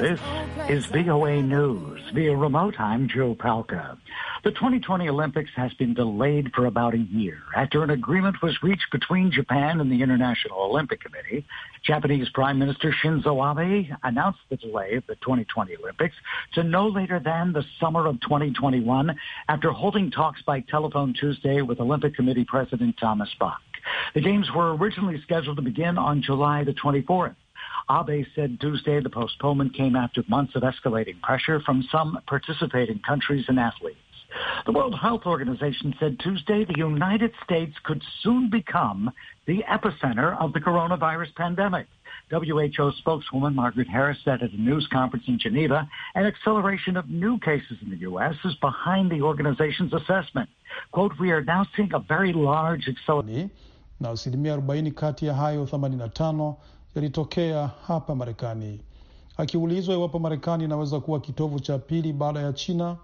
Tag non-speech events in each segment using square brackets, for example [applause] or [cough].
This is VOA News. Via remote, I'm Joe Palca. The 2020 Olympics has been delayed for about a year after an agreement was reached between Japan and the International Olympic Committee. Japanese Prime Minister Shinzo Abe announced the delay of the 2020 Olympics to no later than the summer of 2021 after holding talks by telephone Tuesday with Olympic Committee President Thomas Bach. The Games were originally scheduled to begin on July the 24th. Abe said Tuesday the postponement came after months of escalating pressure from some participating countries and athletes. The World Health Organization said Tuesday the United States could soon become the epicenter of the coronavirus pandemic. WHO spokeswoman Margaret Harris said at a news conference in Geneva, an acceleration of new cases in the U.S. is behind the organization's assessment. Quote, we are now seeing a very large acceleration. yalitokea hapa Marekani. Akiulizwa iwapo Marekani inaweza kuwa kitovu cha pili baada ya China,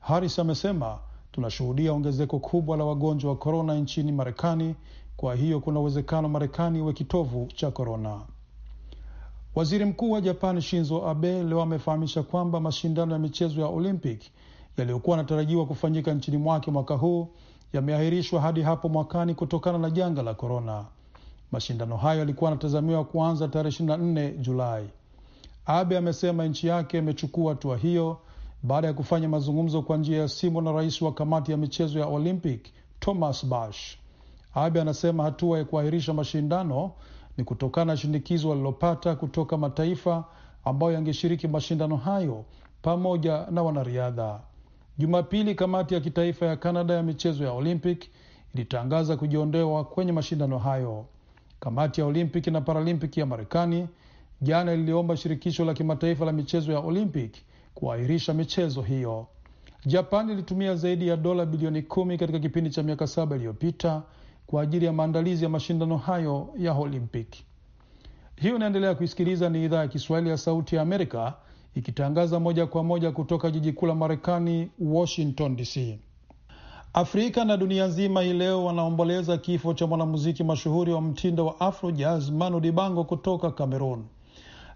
Harris amesema tunashuhudia ongezeko kubwa la wagonjwa wa korona nchini Marekani, kwa hiyo kuna uwezekano Marekani iwe kitovu cha korona. Waziri Mkuu wa Japan Shinzo Abe leo amefahamisha kwamba mashindano ya michezo ya Olympic yaliyokuwa yanatarajiwa kufanyika nchini mwake mwaka huu yameahirishwa hadi hapo mwakani kutokana na janga la korona. Mashindano hayo yalikuwa yanatazamiwa kuanza tarehe 24 Julai. Abe amesema nchi yake imechukua hatua hiyo baada ya kufanya mazungumzo kwa njia ya simu na rais wa kamati ya michezo ya Olympic Thomas bash Abe anasema hatua ya kuahirisha mashindano ni kutokana na shinikizo walilopata kutoka mataifa ambayo yangeshiriki mashindano hayo pamoja na wanariadha. Jumapili, kamati ya kitaifa ya Kanada ya michezo ya Olympic ilitangaza kujiondoa kwenye mashindano hayo. Kamati ya Olimpiki na Paralimpiki ya Marekani jana iliomba shirikisho la kimataifa la michezo ya Olimpiki kuahirisha michezo hiyo. Japan ilitumia zaidi ya dola bilioni kumi katika kipindi cha miaka saba iliyopita kwa ajili ya maandalizi ya mashindano hayo ya Olimpiki. Hiyo inaendelea kuisikiliza, ni idhaa ya Kiswahili ya Sauti ya Amerika ikitangaza moja kwa moja kutoka jiji kuu la Marekani, Washington DC. Afrika na dunia nzima hii leo wanaomboleza kifo cha mwanamuziki mashuhuri wa mtindo wa afro jazz Manu Dibango kutoka Cameroon.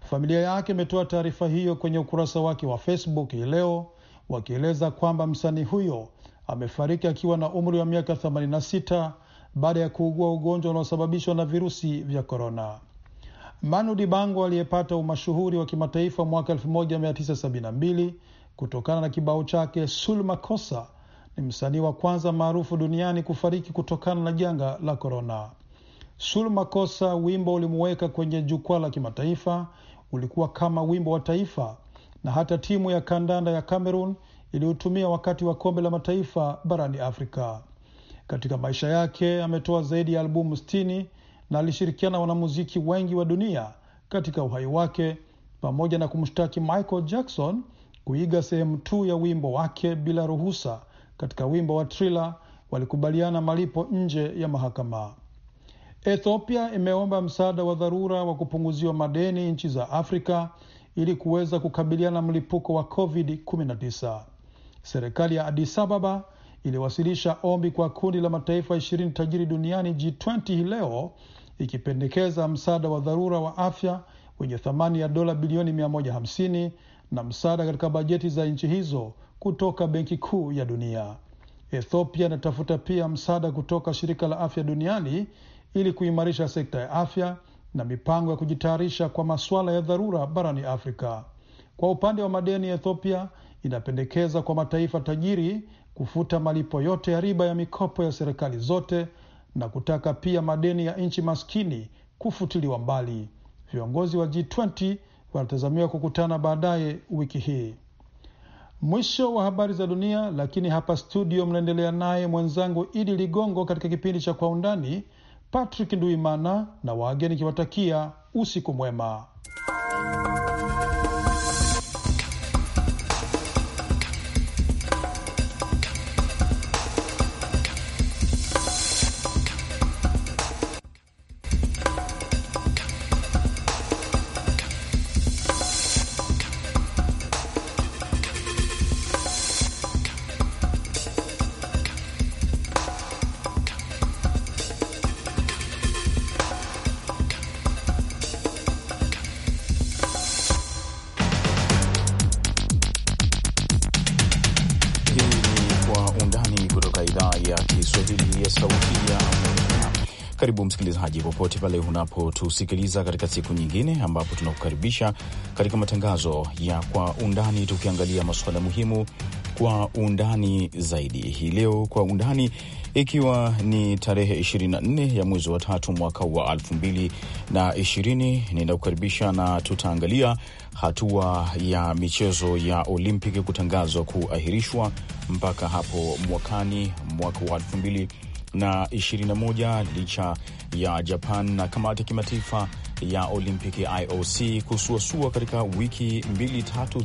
Familia yake imetoa taarifa hiyo kwenye ukurasa wake wa Facebook hii leo wakieleza kwamba msanii huyo amefariki akiwa na umri wa miaka 86 baada ya kuugua ugonjwa unaosababishwa na virusi vya korona. Manu Dibango aliyepata umashuhuri wa kimataifa mwaka 1972 kutokana na kibao chake Sul Makossa ni msanii wa kwanza maarufu duniani kufariki kutokana na janga la korona. Sul makosa wimbo ulimuweka kwenye jukwaa la kimataifa, ulikuwa kama wimbo wa taifa, na hata timu ya kandanda ya Cameroon iliyotumia wakati wa kombe la mataifa barani Afrika. Katika maisha yake ametoa zaidi ya albumu 60 na alishirikiana na wanamuziki wengi wa dunia katika uhai wake, pamoja na kumshtaki Michael Jackson kuiga sehemu tu ya wimbo wake bila ruhusa katika wimbo wa trila walikubaliana malipo nje ya mahakama. Ethiopia imeomba msaada wa dharura wa kupunguziwa madeni nchi za Afrika ili kuweza kukabiliana mlipuko wa COVID-19. Serikali ya Addis Ababa iliwasilisha ombi kwa kundi la mataifa ishirini tajiri duniani G20 hii leo ikipendekeza msaada wa dharura wa afya wenye thamani ya dola bilioni 150 na msaada katika bajeti za nchi hizo kutoka Benki Kuu ya Dunia. Ethiopia inatafuta pia msaada kutoka Shirika la Afya Duniani ili kuimarisha sekta ya afya na mipango ya kujitayarisha kwa masuala ya dharura barani Afrika. Kwa upande wa madeni, Ethiopia inapendekeza kwa mataifa tajiri kufuta malipo yote ya riba ya mikopo ya serikali zote na kutaka pia madeni ya nchi maskini kufutiliwa mbali. Viongozi wa G20 wanatazamiwa kukutana baadaye wiki hii. Mwisho wa habari za dunia, lakini hapa studio mnaendelea naye mwenzangu Idi Ligongo katika kipindi cha Kwa Undani. Patrick Nduimana na wageni kiwatakia usiku mwema. msikilizaji, popote pale unapotusikiliza katika siku nyingine, ambapo tunakukaribisha katika matangazo ya Kwa Undani, tukiangalia masuala muhimu kwa undani zaidi. Hii leo Kwa Undani ikiwa ni tarehe 24 ya mwezi wa tatu mwaka wa 2020 ninakukaribisha na tutaangalia hatua ya michezo ya Olimpiki kutangazwa kuahirishwa mpaka hapo mwakani mwaka wa na 21 licha ya Japan na kamati ya kimataifa ya Olimpiki IOC kusuasua katika wiki mbili tatu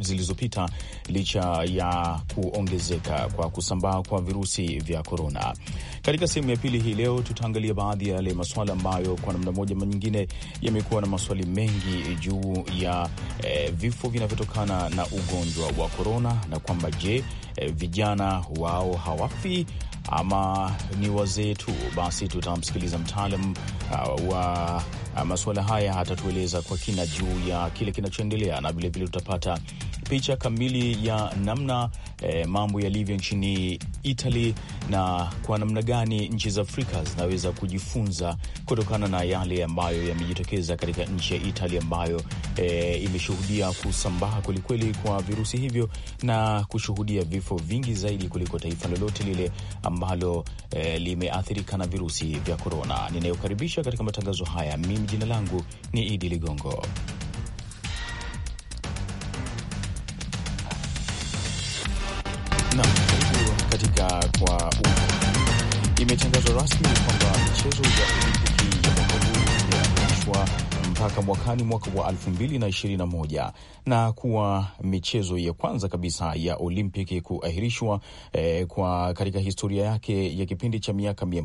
zilizopita licha ya kuongezeka kwa kusambaa kwa virusi vya korona. Katika sehemu ya pili hii leo tutaangalia baadhi ya yale masuala ambayo kwa namna moja ama nyingine yamekuwa na maswali mengi juu ya eh, vifo vinavyotokana na ugonjwa wa korona na kwamba je, eh, vijana wao hawafi ama ni wazee tu, basi tutamsikiliza mtaalam uh, wa Ah, masuala haya atatueleza kwa kina juu ya kile kinachoendelea, na vilevile tutapata picha kamili ya namna eh, mambo yalivyo nchini Italy na kwa namna gani nchi za Afrika zinaweza kujifunza kutokana na yale ambayo yamejitokeza katika nchi ya Italy ambayo eh, imeshuhudia kusambaa kwelikweli kwa virusi hivyo na kushuhudia vifo vingi zaidi kuliko taifa lolote lile ambalo eh, limeathirika na virusi vya korona. Ninayokaribisha katika matangazo haya mimi mimi Jina langu ni Idi Ligongo. katika kwa imetangazwa rasmi kwamba michezo ya Olimpiki ya mwaka huu mpaka mwakani mwaka wa 2021 na kuwa michezo ya kwanza kabisa ya olympic kuahirishwa eh, kwa katika historia yake ya kipindi cha miaka mia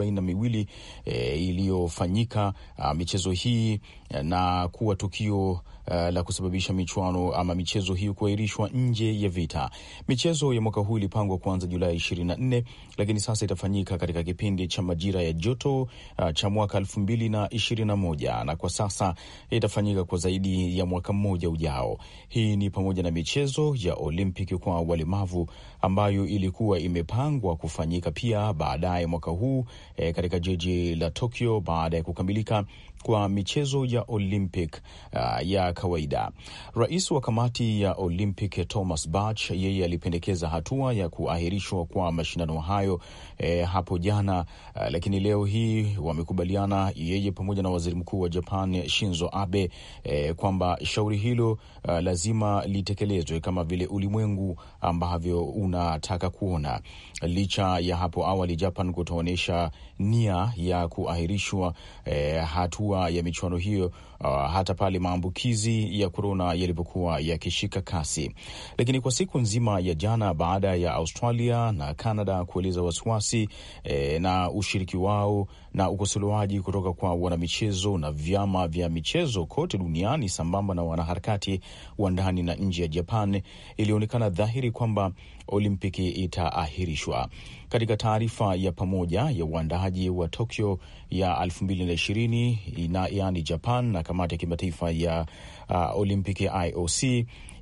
miwili eh, iliyofanyika ah, michezo hii eh, na kuwa tukio Eh, la kusababisha michuano ama michezo hiyo kuahirishwa nje ya vita. Michezo ya mwaka huu ilipangwa kuanza Julai 24 lakini sasa itafanyika katika kipindi cha majira ya joto uh, cha mwaka 2021 na kwa sasa itafanyika kwa zaidi ya mwaka mmoja ujao. Hii ni pamoja na michezo ya Olimpiki kwa walemavu ambayo ilikuwa imepangwa kufanyika pia baadaye mwaka huu eh, katika jiji la Tokyo baada ya kukamilika kwa michezo ya Olympic uh, ya kawaida. Rais wa kamati ya Olympic Thomas Bach yeye alipendekeza hatua ya kuahirishwa kwa mashindano hayo eh, hapo jana uh, lakini leo hii wamekubaliana yeye pamoja na waziri mkuu wa Japan Shinzo Abe eh, kwamba shauri hilo uh, lazima litekelezwe kama vile ulimwengu ambavyo unataka kuona. Licha ya hapo awali Japan kutoonyesha nia ya kuahirishwa eh, hatua ya michuano hiyo uh, hata pale maambukizi ya korona yalipokuwa yakishika kasi. Lakini kwa siku nzima ya jana, baada ya Australia na Canada kueleza wasiwasi eh, na ushiriki wao na ukosolewaji kutoka kwa wanamichezo na vyama vya michezo kote duniani sambamba na wanaharakati wa ndani na nje ya Japan, ilionekana dhahiri kwamba Olimpiki itaahirishwa. Katika taarifa ya pamoja ya uandaaji wa Tokyo ya 2020 yaani Japan na kamati ya kimataifa ya uh, Olimpiki IOC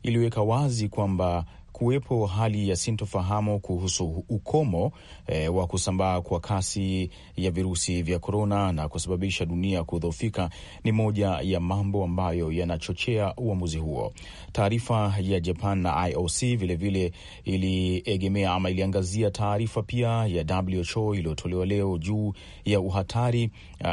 iliweka wazi kwamba kuwepo hali ya sintofahamu kuhusu ukomo e, wa kusambaa kwa kasi ya virusi vya korona na kusababisha dunia kudhoofika ni moja ya mambo ambayo yanachochea uamuzi huo. Taarifa ya Japan na IOC vilevile iliegemea ama iliangazia taarifa pia ya WHO iliyotolewa leo juu ya uhatari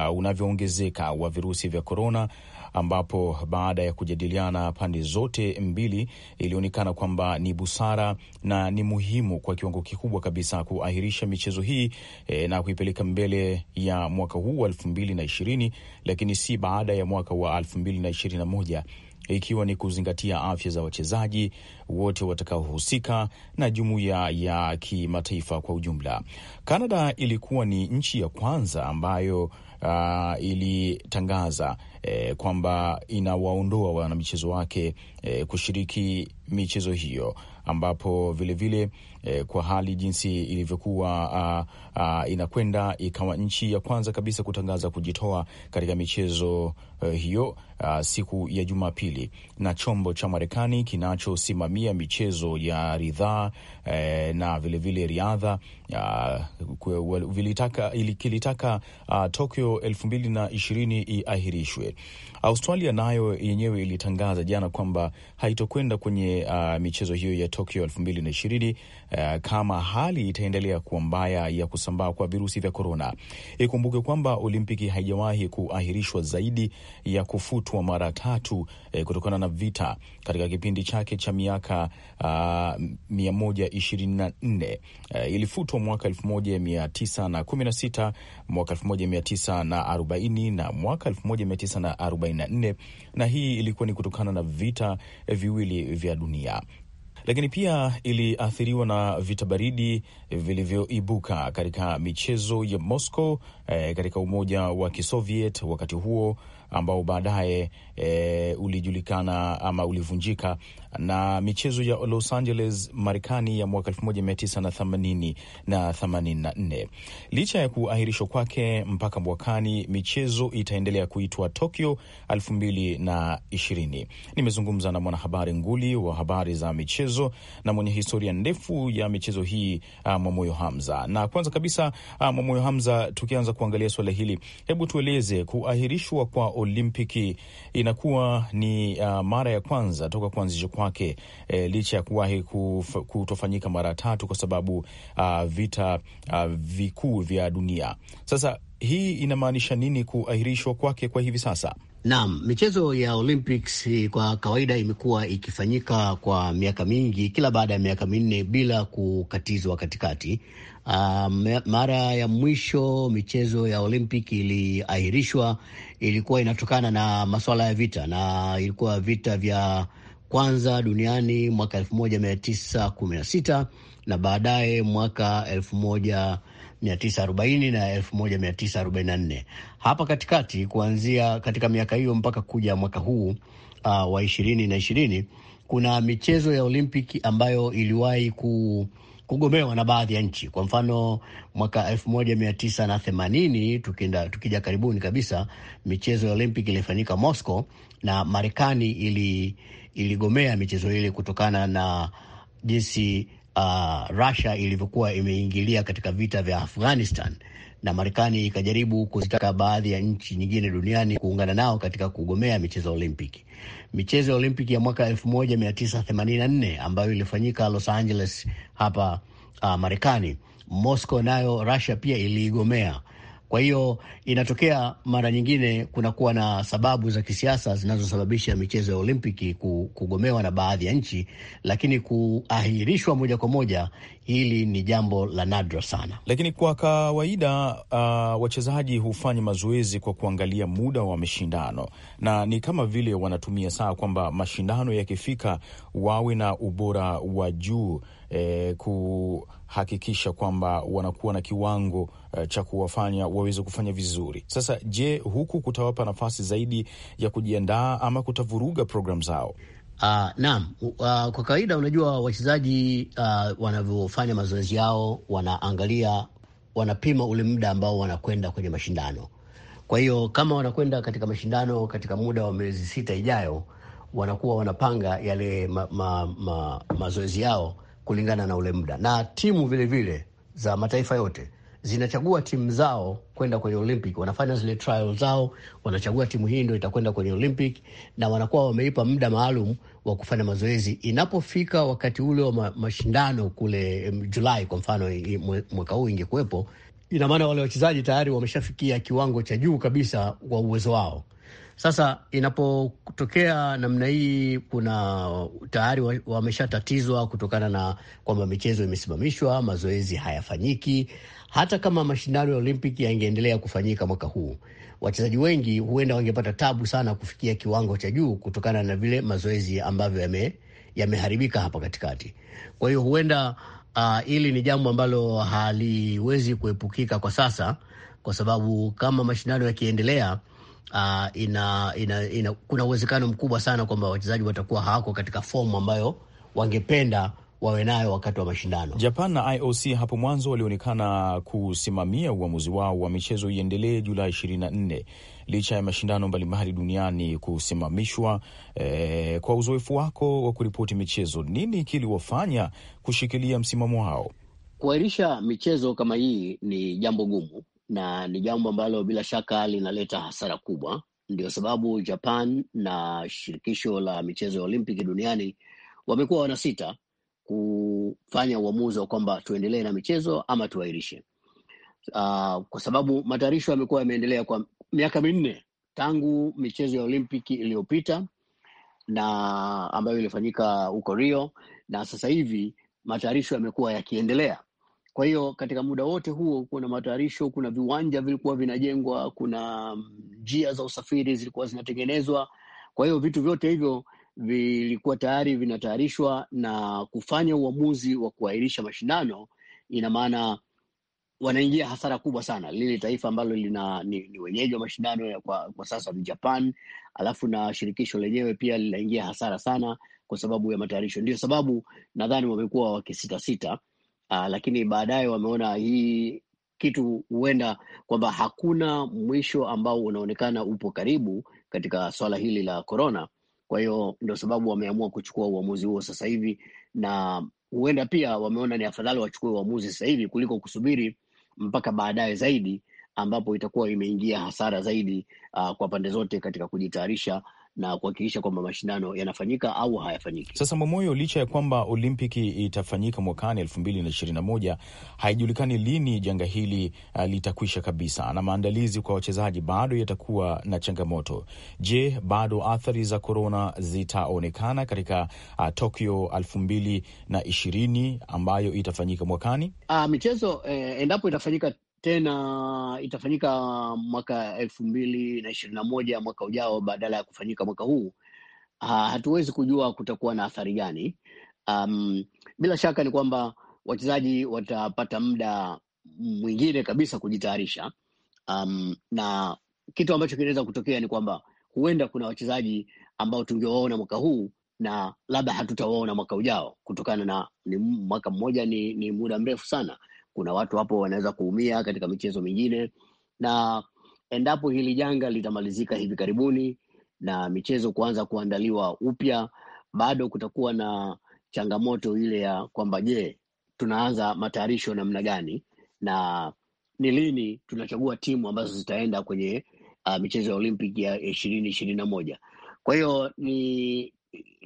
uh, unavyoongezeka wa virusi vya korona ambapo baada ya kujadiliana pande zote mbili ilionekana kwamba ni busara na ni muhimu kwa kiwango kikubwa kabisa kuahirisha michezo hii e, na kuipeleka mbele ya mwaka huu wa elfu mbili na ishirini, lakini si baada ya mwaka wa elfu mbili na ishirini na moja ikiwa ni kuzingatia afya za wachezaji wote watakaohusika na jumuiya ya, ya kimataifa kwa ujumla. Kanada ilikuwa ni nchi ya kwanza ambayo uh, ilitangaza eh, kwamba inawaondoa wanamichezo wake eh, kushiriki michezo hiyo ambapo vilevile vile, eh, kwa hali jinsi ilivyokuwa uh, uh, inakwenda ikawa nchi ya kwanza kabisa kutangaza kujitoa katika michezo uh, hiyo uh, siku ya Jumapili, na chombo cha Marekani kinachosimamia michezo ya ridhaa eh, na vilevile riadha uh, kilitaka uh, Tokyo elfu mbili na ishirini iahirishwe. Australia nayo yenyewe ilitangaza jana kwamba haitokwenda kwenye uh, michezo hiyo ya Tokyo elfu mbili na ishirini uh, kama hali itaendelea kuwa mbaya ya kusambaa kwa virusi vya korona. Ikumbuke kwamba Olimpiki haijawahi kuahirishwa zaidi ya kufutwa mara tatu uh, kutokana na vita katika kipindi chake cha miaka uh, mia moja ishirini na nne. Uh, ilifutwa mwaka elfu moja mia tisa na kumi na sita, mwaka elfu moja mia tisa na arobaini na mwaka elfu moja mia tisa na arobaini 1944 na hii ilikuwa ni kutokana na vita eh, viwili vya dunia lakini pia iliathiriwa na vita baridi vilivyoibuka katika michezo ya Moscow eh, katika Umoja wa Kisoviet wakati huo ambao baadaye e, ulijulikana ama ulivunjika na michezo ya Los Angeles Marekani ya mwaka elfu moja mia tisa na na na nne. Licha ya kuahirishwa kwake mpaka mwakani, michezo itaendelea kuitwa Tokyo mbili na ishirini. Nimezungumza na mwanahabari nguli wa habari za michezo na mwenye historia ndefu ya michezo hii uh, Mwamoyo Hamza. Na kwanza kabisa uh, Mwamoyo Hamza, tukianza kuangalia suala hili, hebu tueleze kuahirishwa kwa Olimpiki inakuwa ni uh, mara ya kwanza toka kuanzishwa kwake, eh, licha ya kuwahi kuf, kutofanyika mara tatu kwa sababu uh, vita uh, vikuu vya dunia. Sasa hii inamaanisha nini kuahirishwa kwake kwa hivi sasa? Naam, michezo ya Olympics eh, kwa kawaida imekuwa ikifanyika kwa miaka mingi, kila baada ya miaka minne bila kukatizwa katikati, Uh, mara ya mwisho michezo ya Olympic iliahirishwa ilikuwa inatokana na masuala ya vita, na ilikuwa vita vya kwanza duniani mwaka elfu moja mia tisa kumi na sita na baadaye mwaka elfu moja mia tisa arobaini na elfu moja mia tisa arobaini na nne Hapa katikati kuanzia katika miaka hiyo mpaka kuja mwaka huu uh, wa ishirini na ishirini kuna michezo ya Olimpiki ambayo iliwahi ku kugomewa na baadhi ya nchi. Kwa mfano mwaka elfu moja mia tisa na themanini tukienda tukija karibuni kabisa, michezo ya Olympic ilifanyika Moscow na Marekani ili iligomea michezo ile kutokana na jinsi uh, Russia ilivyokuwa imeingilia katika vita vya Afghanistan na Marekani ikajaribu kuzitaka baadhi ya nchi nyingine duniani kuungana nao katika kugomea michezo ya Olimpiki. Michezo ya Olimpiki ya mwaka 1984 ambayo ilifanyika Los Angeles hapa uh, Marekani, Moscow nayo Russia pia iliigomea. Kwa hiyo inatokea mara nyingine kunakuwa na sababu za kisiasa zinazosababisha michezo ya Olimpiki kugomewa na baadhi ya nchi, lakini kuahirishwa moja kwa moja hili ni jambo la nadra sana. Lakini kwa kawaida uh, wachezaji hufanya mazoezi kwa kuangalia muda wa mashindano, na ni kama vile wanatumia saa kwamba mashindano yakifika wawe na ubora wa juu eh, kuhakikisha kwamba wanakuwa na kiwango eh, cha kuwafanya waweze kufanya vizuri. Sasa je, huku kutawapa nafasi zaidi ya kujiandaa ama kutavuruga programu zao? Uh, naam. Uh, kwa kawaida unajua wachezaji uh, wanavyofanya mazoezi yao, wanaangalia, wanapima ule muda ambao wanakwenda kwenye mashindano. Kwa hiyo kama wanakwenda katika mashindano katika muda wa miezi sita ijayo, wanakuwa wanapanga yale ma, ma, ma, mazoezi yao kulingana na ule muda, na timu vilevile vile za mataifa yote zinachagua timu zao kwenda kwenye Olympic, wanafanya zile trial zao, wanachagua timu hii ndo itakwenda kwenye Olympic, na wanakuwa wameipa muda maalum wa kufanya mazoezi. Inapofika wakati ule wa mashindano kule Julai kwa mfano, mwaka huu ingekuwepo, ina maana wale wachezaji tayari wameshafikia kiwango cha juu kabisa wa uwezo wao. Sasa inapotokea namna hii, kuna tayari wameshatatizwa kutokana na kwamba michezo imesimamishwa, mazoezi hayafanyiki, hata kama mashindano ya Olimpiki yangeendelea kufanyika mwaka huu, wachezaji wengi huenda wangepata tabu sana kufikia kiwango cha juu kutokana na vile mazoezi ambavyo yame yameharibika hapa katikati. Kwa hiyo huenda ah, hili uh, ni jambo ambalo haliwezi kuepukika kwa sasa, kwa sababu kama mashindano yakiendelea Uh, ina, ina, ina, kuna uwezekano mkubwa sana kwamba wachezaji watakuwa hawako katika fomu ambayo wangependa wawe nayo wakati wa mashindano. Japan na IOC hapo mwanzo walionekana kusimamia uamuzi wao wa michezo iendelee Julai 24 licha ya mashindano mbalimbali duniani kusimamishwa. Eh, kwa uzoefu wako wa kuripoti michezo, nini kiliwafanya kushikilia msimamo wao? Kuahirisha michezo kama hii ni jambo gumu na ni jambo ambalo bila shaka linaleta hasara kubwa. Ndio sababu Japan na shirikisho la michezo ya Olimpiki duniani wamekuwa wanasita kufanya uamuzi wa kwamba tuendelee na michezo ama tuahirishe. Uh, kwa sababu matayarisho yamekuwa yameendelea kwa miaka minne tangu michezo ya Olimpiki iliyopita na ambayo ilifanyika huko Rio, na sasa hivi matayarisho yamekuwa yakiendelea. Kwa hiyo katika muda wote huo kuna matayarisho, kuna viwanja vilikuwa vinajengwa, kuna mm, njia za usafiri zilikuwa zinatengenezwa. Kwa hiyo vitu vyote hivyo vilikuwa tayari vinatayarishwa na kufanya uamuzi wa kuahirisha mashindano, ina maana wanaingia hasara kubwa sana. Lile taifa ambalo lina ni, ni wenyeji wa mashindano ya kwa, kwa sasa ni Japan, alafu na shirikisho lenyewe pia linaingia hasara sana kwa sababu ya matayarisho. Ndio sababu nadhani wamekuwa wakisitasita, ah, lakini baadaye wameona hii kitu huenda kwamba hakuna mwisho ambao unaonekana upo karibu katika swala hili la korona. Kwa hiyo ndio sababu wameamua kuchukua uamuzi huo sasa hivi, na huenda pia wameona ni afadhali wachukue uamuzi sasa hivi kuliko kusubiri mpaka baadaye zaidi ambapo itakuwa imeingia hasara zaidi uh, kwa pande zote katika kujitayarisha na kuhakikisha kwamba mashindano yanafanyika au hayafanyiki. Sasa Mwamoyo, licha ya kwamba Olimpiki itafanyika mwakani elfu mbili na ishirini na moja, haijulikani lini janga hili uh, litakwisha kabisa na maandalizi kwa wachezaji bado yatakuwa na changamoto. Je, bado athari za korona zitaonekana katika uh, Tokyo elfu mbili na ishirini ambayo itafanyika mwakani? Uh, michezo eh, endapo itafanyika tena itafanyika mwaka elfu mbili na ishirini na moja mwaka ujao badala ya kufanyika mwaka huu, uh, hatuwezi kujua kutakuwa na athari gani. Um, bila shaka ni kwamba wachezaji watapata muda mwingine kabisa kujitayarisha. Um, na kitu ambacho kinaweza kutokea ni kwamba huenda kuna wachezaji ambao tungewaona mwaka huu na labda hatutawaona mwaka ujao kutokana na ni mwaka mmoja ni, ni muda mrefu sana. Kuna watu hapo wanaweza kuumia katika michezo mingine, na endapo hili janga litamalizika hivi karibuni na michezo kuanza kuandaliwa upya, bado kutakuwa na changamoto ile ya kwamba je, tunaanza matayarisho namna gani na ni lini tunachagua timu ambazo zitaenda kwenye uh, michezo ya Olimpiki ya ishirini ishirini na moja. Kwa hiyo ni,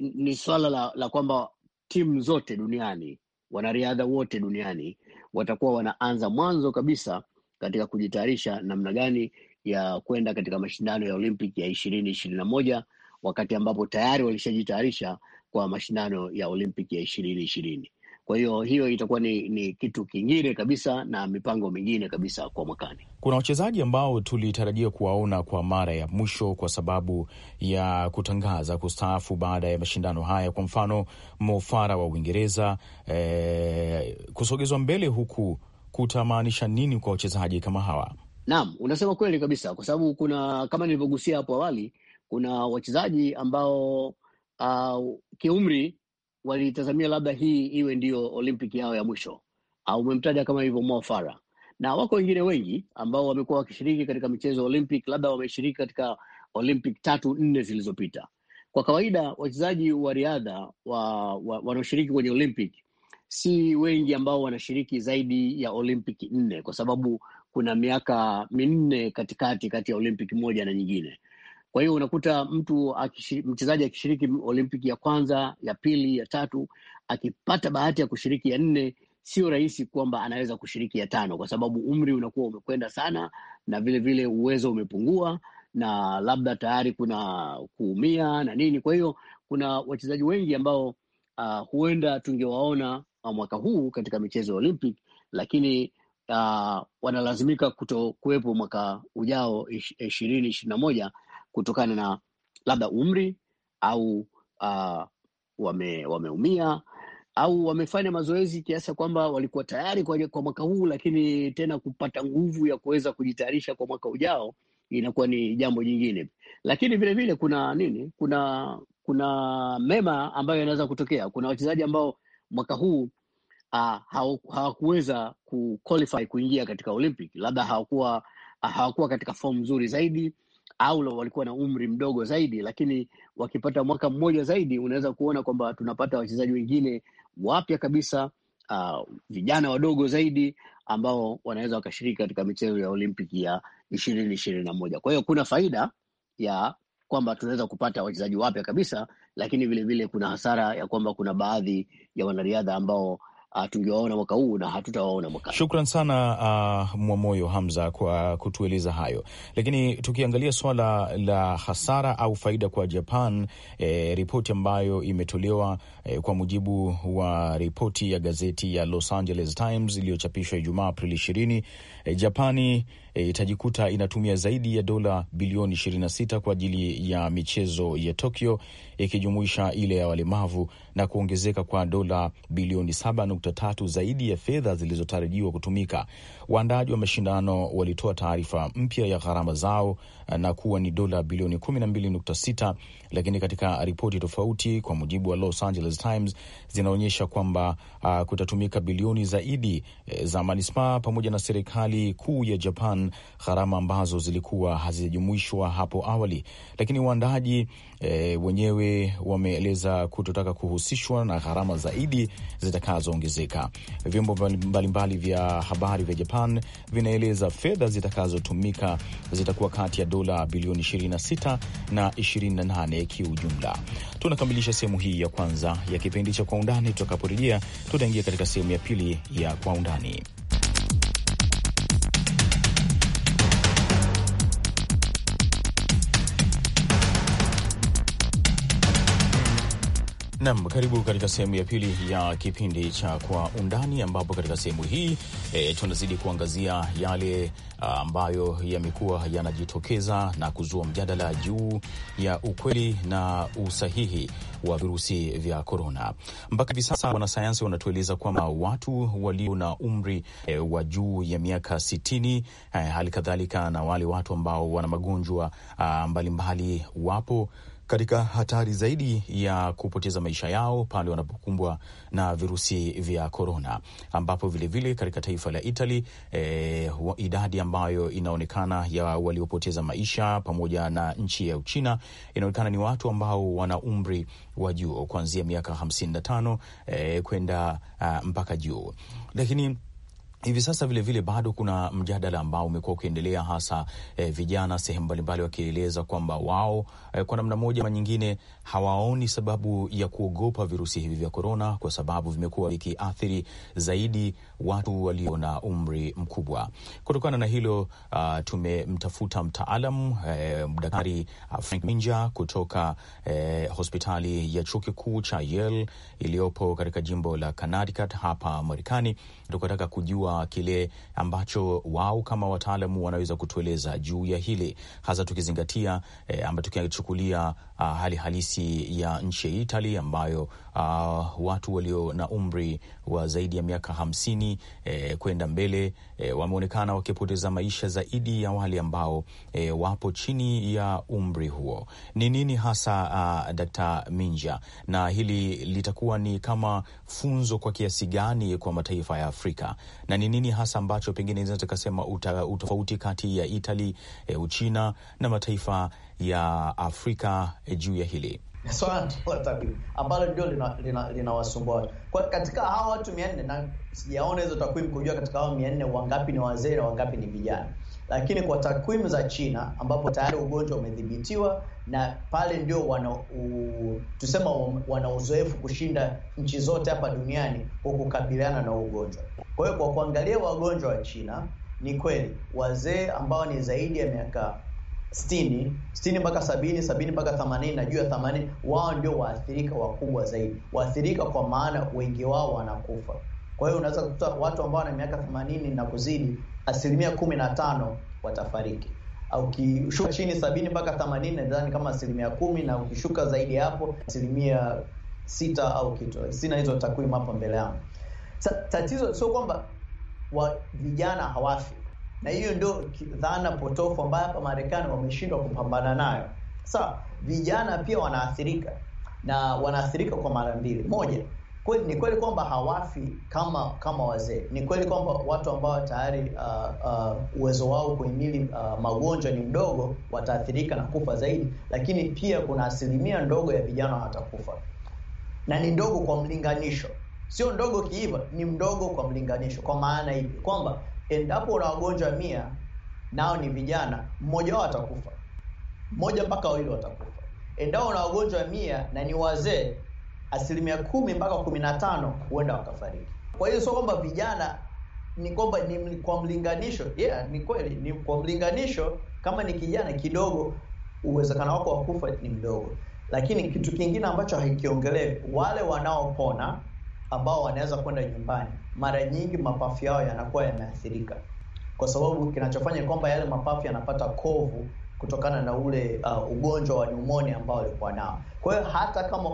ni swala la, la kwamba timu zote duniani wanariadha wote duniani watakuwa wanaanza mwanzo kabisa katika kujitayarisha namna gani ya kwenda katika mashindano ya Olympic ya ishirini ishirini na moja wakati ambapo tayari walishajitayarisha kwa mashindano ya Olympic ya ishirini ishirini. Kwa hiyo hiyo itakuwa ni, ni kitu kingine kabisa na mipango mingine kabisa kwa mwakani. Kuna wachezaji ambao tulitarajia kuwaona kwa mara ya mwisho kwa sababu ya kutangaza kustaafu baada ya mashindano haya, kwa mfano mofara wa Uingereza eh, kusogezwa mbele huku kutamaanisha nini kwa wachezaji kama hawa? Naam, unasema kweli kabisa, kwa sababu kuna kama nilivyogusia hapo awali, kuna wachezaji ambao uh, kiumri walitazamia labda hii iwe ndio olimpiki yao ya mwisho, au umemtaja kama hivyo Mo Farah, na wako wengine wengi ambao wamekuwa wakishiriki katika michezo ya Olympic, labda wameshiriki katika olimpik tatu nne zilizopita. Kwa kawaida wachezaji wa riadha wa, wa, wanaoshiriki kwenye olimpik si wengi ambao wanashiriki zaidi ya olimpiki nne, kwa sababu kuna miaka minne katikati kati ya olimpiki moja na nyingine. Kwa hiyo unakuta mtu akishiriki, mchezaji akishiriki Olimpiki ya kwanza, ya pili, ya tatu, akipata bahati ya kushiriki ya nne, sio rahisi kwamba anaweza kushiriki ya tano, kwa sababu umri unakuwa umekwenda sana na vilevile vile uwezo umepungua na labda tayari kuna kuumia na nini. Kwa hiyo kuna wachezaji wengi ambao uh, huenda tungewaona ah, mwaka huu katika michezo ya Olympic lakini uh, wanalazimika kuto kuwepo mwaka ujao ishirini ishirini na moja kutokana na labda umri au uh, wame, wameumia au wamefanya mazoezi kiasi kwamba walikuwa tayari kwa, kwa mwaka huu, lakini tena kupata nguvu ya kuweza kujitayarisha kwa mwaka ujao inakuwa ni jambo jingine. Lakini vilevile kuna nini, kuna kuna mema ambayo yanaweza kutokea. Kuna wachezaji ambao mwaka huu uh, hawakuweza kuqualify kuingia katika Olympic, labda hawakuwa hawakuwa katika fomu nzuri zaidi au walikuwa na umri mdogo zaidi, lakini wakipata mwaka mmoja zaidi, unaweza kuona kwamba tunapata wachezaji wengine wapya kabisa, uh, vijana wadogo zaidi ambao wanaweza wakashiriki katika michezo ya Olimpiki ya ishirini ishirini na moja. Kwa hiyo kuna faida ya kwamba tunaweza kupata wachezaji wapya kabisa, lakini vilevile vile kuna hasara ya kwamba kuna baadhi ya wanariadha ambao uh, tungewaona mwaka huu na hatutawaona mwaka. Shukran sana uh, Mwamoyo Hamza kwa kutueleza hayo, lakini tukiangalia swala la hasara au faida kwa Japan, eh, ripoti ambayo imetolewa eh, kwa mujibu wa ripoti ya gazeti ya Los Angeles Times iliyochapishwa Ijumaa Aprili ishirini, eh, Japani eh, itajikuta e, inatumia zaidi ya dola bilioni 26 kwa ajili ya michezo ya Tokyo ikijumuisha e, ile ya walemavu na kuongezeka kwa dola bilioni 7 nukta tatu zaidi ya fedha zilizotarajiwa kutumika. Waandaaji wa mashindano walitoa taarifa mpya ya gharama zao eh, na kuwa ni dola bilioni 12.6, lakini katika ripoti tofauti, kwa mujibu wa Los Angeles Times, zinaonyesha kwamba uh, kutatumika bilioni zaidi e, za manispaa pamoja na serikali kuu ya Japan, gharama ambazo zilikuwa hazijajumuishwa hapo awali, lakini waandaaji e, wenyewe wameeleza kutotaka kuhusishwa na gharama zaidi zitakazoongezeka. Vyombo mbalimbali vya habari vya Japan vinaeleza fedha zitakazotumika zitakuwa kati ya dola bilioni 26 na 28 kiujumla. Tunakamilisha sehemu hii ya kwanza ya kipindi cha Kwa Undani. Tutakaporejea tutaingia katika sehemu ya pili ya Kwa Undani. Nam, karibu katika sehemu ya pili ya kipindi cha Kwa Undani, ambapo katika sehemu hii e, tunazidi kuangazia yale ah, ambayo yamekuwa yanajitokeza na kuzua mjadala juu ya ukweli na usahihi wa virusi vya korona. Mpaka hivi sasa wanasayansi wanatueleza kwamba watu walio na umri e, wa juu ya miaka sitini, eh, hali kadhalika na wale watu ambao wana magonjwa ah, mbalimbali wapo katika hatari zaidi ya kupoteza maisha yao pale wanapokumbwa na virusi vya korona, ambapo vilevile katika taifa la Itali e, eh, idadi ambayo inaonekana ya waliopoteza maisha pamoja na nchi ya Uchina inaonekana ni watu ambao wana umri wa juu kuanzia miaka 55 e, eh, kwenda ah, mpaka juu lakini Hivi sasa vilevile vile bado kuna mjadala ambao umekuwa ukiendelea hasa eh, vijana sehemu mbalimbali wakieleza kwamba wao eh, kwa namna moja ama nyingine hawaoni sababu ya kuogopa virusi hivi vya korona, kwa sababu vimekuwa vikiathiri zaidi watu walio na umri mkubwa. Kutokana na hilo, uh, tumemtafuta mtaalam eh, daktari uh, Frank Minja kutoka eh, hospitali ya chuo kikuu cha Yale iliyopo katika jimbo la Connecticut hapa Marekani tukataka kujua kile ambacho wao kama wataalamu wanaweza kutueleza juu ya hili, hasa tukizingatia eh, ama tukichukulia ah, hali halisi ya nchi ya Itali ambayo uh, watu walio na umri wa zaidi ya miaka hamsini eh, kwenda mbele eh, wameonekana wakipoteza maisha zaidi ya wale ambao eh, wapo chini ya umri huo. Ni nini hasa uh, ah, Dakta Minja, na hili litakuwa ni kama funzo kwa kiasi gani kwa mataifa ya Afrika, na ni nini hasa ambacho pengine inaweza tukasema utofauti kati ya Itali, eh, Uchina na mataifa ya Afrika eh, juu ya hili? swala la takwimu ambalo ndio linawasumbua lina, lina kwa katika hawa watu mia nne na sijaona hizo takwimu kujua katika hawa mia nne wangapi ni wazee na wangapi ni vijana lakini kwa takwimu za China ambapo tayari ugonjwa umedhibitiwa na pale ndio wana u, tusema wana uzoefu kushinda nchi zote hapa duniani kwa kukabiliana na ugonjwa. Kwa hiyo kwa kuangalia wagonjwa wa China, ni kweli wazee ambao ni zaidi ya miaka 60 60 mpaka 70 70 mpaka 80 na juu ya 80 wao ndio waathirika wakubwa zaidi waathirika kwa maana wengi wao wanakufa kwa hiyo unaweza kukuta watu ambao wana miaka 80 na kuzidi asilimia 15 watafariki ukishuka chini 70 mpaka 80 nadhani kama asilimia kumi na ukishuka zaidi hapo asilimia sita au kitu sina hizo takwimu hapa mbele yangu tatizo sio kwamba vijana hawafi na hiyo ndio dhana potofu ambayo hapa Marekani wameshindwa kupambana nayo. Sasa vijana pia wanaathirika na wanaathirika kwa mara mbili. Moja, kweli ni kweli kwamba hawafi kama kama wazee. Ni kweli kwamba watu ambao tayari uh, uh, uwezo wao kuhimili uh, magonjwa ni mdogo wataathirika na kufa zaidi, lakini pia kuna asilimia ndogo ya vijana watakufa na ni ndogo kwa mlinganisho, sio ndogo kiiva, ni mdogo kwa mlinganisho. Kwa maana hivi kwamba endapo una wagonjwa mia nao ni vijana, mmoja wao atakufa, mmoja mpaka wawili watakufa. Endapo una wagonjwa mia na ni wazee, asilimia kumi mpaka kumi na tano huenda wakafariki. Kwa hiyo sio kwamba vijana ni kwamba ni kwa mlinganisho yeah, ni kweli ni kwa mlinganisho, kama ni kijana kidogo, uwezekano wako wa kufa ni mdogo. Lakini kitu kingine ambacho hakiongelewi, wale wanaopona ambao wanaweza kwenda nyumbani, mara nyingi mapafu yao yanakuwa yameathirika, kwa sababu kinachofanya kwamba yale mapafu yanapata kovu kutokana na ule uh, ugonjwa wa nyumoni ambao walikuwa nao. Kwa hiyo hata kama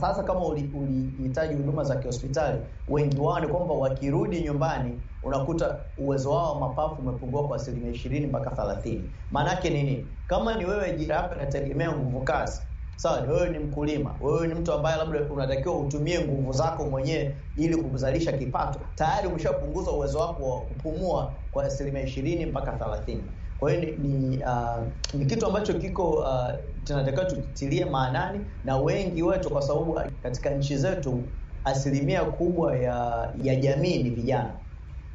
sasa kama ulihitaji uli huduma za kihospitali, wengi wao ni kwamba wakirudi nyumbani unakuta uwezo wao wa mapafu umepungua kwa asilimia ishirini mpaka thelathini. Maanake nini? Kama ni wewe jira yako inategemea nguvu kazi, sawa, wewe ni mkulima, wewe ni mtu ambaye labda unatakiwa utumie nguvu zako mwenyewe ili kuzalisha kipato, tayari umeshapunguza uwezo wako wa kupumua kwa asilimia ishirini mpaka thelathini. Kwa hiyo ni, uh, ni kitu ambacho kiko uh, ah, tunatakiwa tutilie maanani na wengi wetu, kwa sababu katika nchi zetu asilimia kubwa ya, ya jamii ni vijana.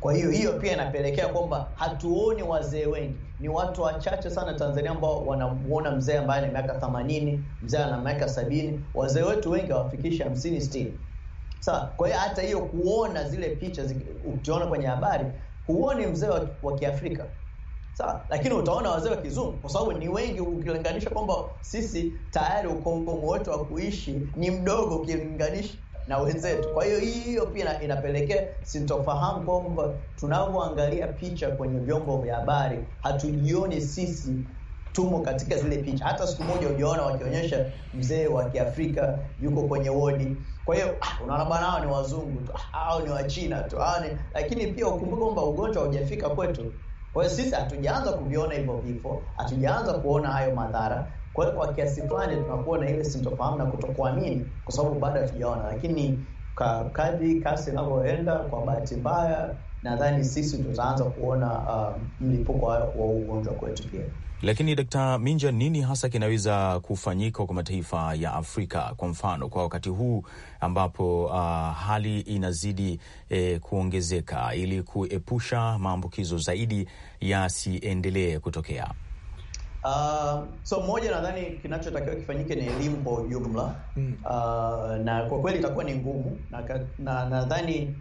Kwa hiyo hiyo pia inapelekea kwamba hatuoni wazee wengi. Ni watu wachache sana Tanzania ambao wanamuona mzee ambaye ana miaka 80, mzee ana miaka sabini. Wazee wetu wengi hawafikishi 50, 60. Sawa. Kwa hiyo hata hiyo kuona zile picha ukiona kwenye habari, huoni mzee wa Kiafrika. Sawa, lakini utaona wazee wa kizungu kwa sababu ni wengi ukilinganisha kwamba sisi tayari ukongomo wetu wa kuishi ni mdogo ukilinganisha na wenzetu. Kwa hiyo hii hiyo pia inapelekea sintofahamu kwamba tunavyoangalia picha kwenye vyombo vya habari hatujioni sisi tumo katika zile picha. Hata siku moja hujaona wakionyesha mzee wa Kiafrika yuko kwenye wodi. Kwa hiyo ah, unaona bwana, hao ni wazungu tu, ah, hao ni wachina tu, hao ni lakini pia ukumbuke kwamba ugonjwa haujafika kwetu. Kwa hiyo sisi hatujaanza kuviona hivyo vifo, hatujaanza kuona hayo madhara, kwa hiyo kwa kiasi fulani tunakuwa na ile sintofahamu na kutokuamini, kwa sababu bado hatujaona, lakini kadri kasi inavyoenda, kwa bahati mbaya nadhani sisi tutaanza kuona uh, mlipuko wa ugonjwa kwetu pia. Lakini Dkt. Minja, nini hasa kinaweza kufanyika kwa mataifa ya Afrika kwa mfano kwa wakati huu ambapo uh, hali inazidi eh, kuongezeka ili kuepusha maambukizo zaidi yasiendelee kutokea? Uh, so moja nadhani kinachotakiwa kifanyike ni elimu kwa ujumla hmm. Uh, na kwa kweli itakuwa ni ngumu, na nadhani na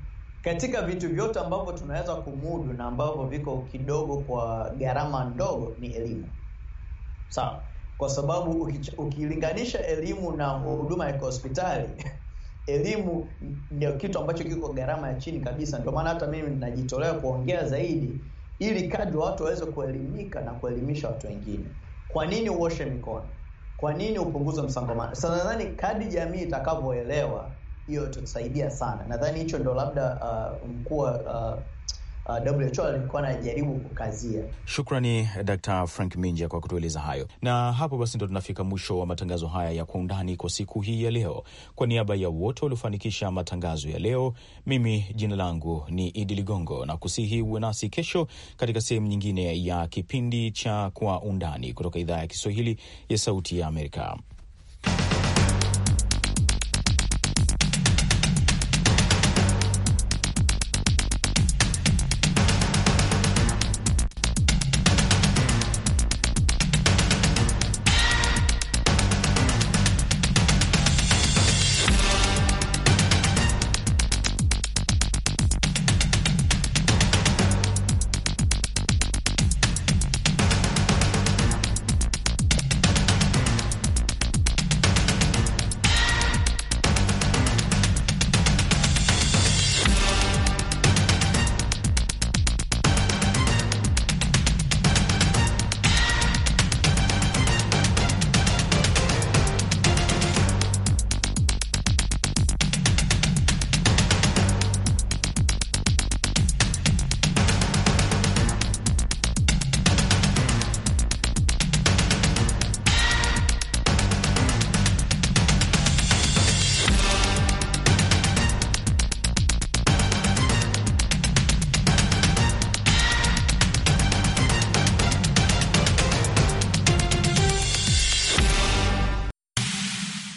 katika vitu vyote ambavyo tunaweza kumudu na ambavyo viko kidogo kwa gharama ndogo ni elimu, sawa, kwa sababu ukilinganisha elimu na huduma ya hospitali [laughs] elimu ndio kitu ambacho kiko gharama ya chini kabisa. Ndio maana hata mimi ninajitolea kuongea zaidi ili kadri watu waweze kuelimika na kuelimisha watu wengine. Kwa nini uoshe mikono? Kwa nini upunguze msongamano? Sasa nadhani kadri jamii itakavyoelewa hiyo, itatusaidia sana. Nadhani hicho ndo labda uh, mkuu wa uh, Ah, WHO alikuwa anajaribu kukazia. Shukrani Dr. Frank Minja kwa kutueleza hayo, na hapo basi ndo tunafika mwisho wa matangazo haya ya kwa undani kwa siku hii ya leo. Kwa niaba ya wote waliofanikisha matangazo ya leo, mimi jina langu ni Idi Ligongo na kusihi uwe nasi kesho katika sehemu nyingine ya kipindi cha kwa undani kutoka idhaa ya Kiswahili ya Sauti ya Amerika.